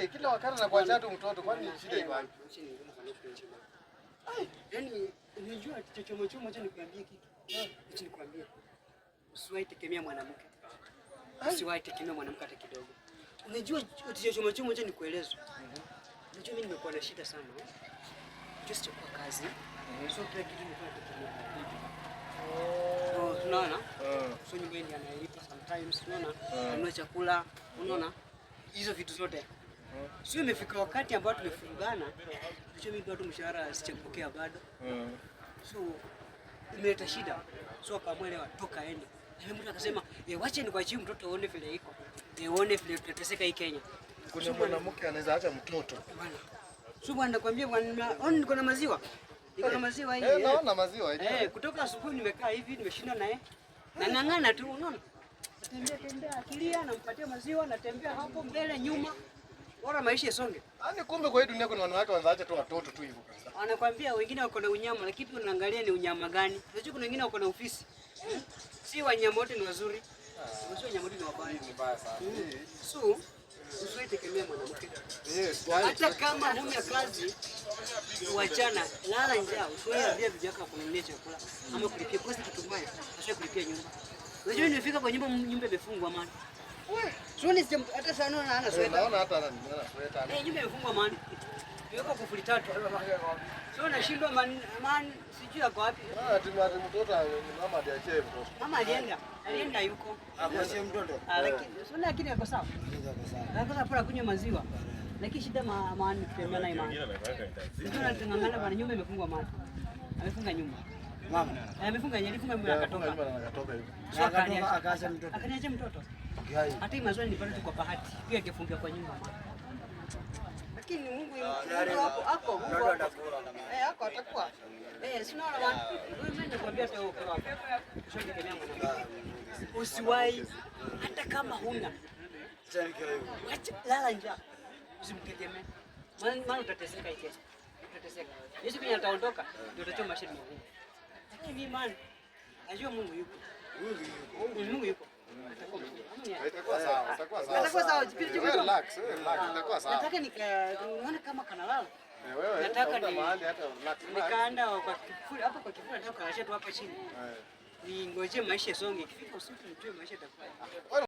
Mwanamke kila wakati anakuacha tu mtoto, kwani shida iko wapi? Yaani unajua kichochomo chomo, acha nikwambie kitu. Acha nikwambie. Usiwahi tegemea mwanamke. Usiwahi tegemea mwanamke hata kidogo. Unajua kichochomo chomo, acha nikueleze. Unajua mimi nimekuwa na shida sana. Just kwa kazi. Sio kila kitu nimekuwa nategemea. Oh, tunaona? Ah. Sio nyumbani anaipa sometimes, unaona? Ah. Anunua chakula, unaona? Hizo vitu zote. Sio, imefika wakati ambao tumefungana, hicho mimi bado mshahara sichapokea bado, so imeleta shida, so akamwelewa toka aende. na mtu akasema, eh, wacha ni kwa chini mtoto aone vile iko, eh, aone vile tutateseka hii Kenya. Kuna mwanamke anaweza acha mtoto bwana, sio bwana, nakwambia bwana, on niko na maziwa, niko na eh, maziwa hii, eh, eh, naona maziwa hii, eh, kutoka asubuhi nimekaa hivi, nimeshinda naye na nang'ana tu, unaona, natembea tembea, akilia, nampatia maziwa, natembea hapo mbele nyuma Bora maisha yasonge. Yaani kumbe kwa hii dunia kuna wanawake wanaacha tu watoto tu hivyo kabisa. Wanakwambia wengine wako na unyama na kipi unaangalia ni unyama gani? Unajua kuna wengine wako na ofisi. Hmm. Si wanyama wote ni wazuri. Sio ah. wanyama wote ni wabaya. Ni mbaya sana. Mm. So, usitegemee mwanamke. Yes, eh, hata kama huna kazi lala njaa, usiwe kununulia chakula ama kulipia kosi kulipia nyumba. Unajua nimefika kwa nyumba, nyumba imefungwa Eh, nyumba imefungwa man, imewekwa kufuli tatu, sio nashindwa man, sijui ako wapi. Ah, mama alienda alienda, yuko ah, ah, eh. lakini ako sawa, akapata kunywa maziwa, lakini shida man, nyumba imefungwa man, amefunga nyumba amefunga yeye alifunga mguu akatoka, akaacha mtoto, akaniacha mtoto. Hata hii mazuri nilipata tu kwa bahati, pia angefungia kwa nyumba, lakini Mungu hapo hapo Mungu eh, hapo atakuwa eh, sina wala wewe, mimi nakwambia tu kwa usiwahi, hata kama huna lala njaa, usimtegemee, maana utateseka, itateseka Yesu kwenye ndio utachoma shida magumu hivi maana najua Mungu yuko. Mungu yuko. Itakuwa sawa, itakuwa sawa. Itakuwa sawa. Relax, relax, itakuwa sawa. Nataka nikaona kama kanalala. Eh, wewe nataka ni mahali hata relax. Nikaanda kwa kifuli hapo kwa kifuli nataka kaashe tu hapa chini. Eh. Ningoje maisha songe, ikifika usiku nijue maisha itakuwa.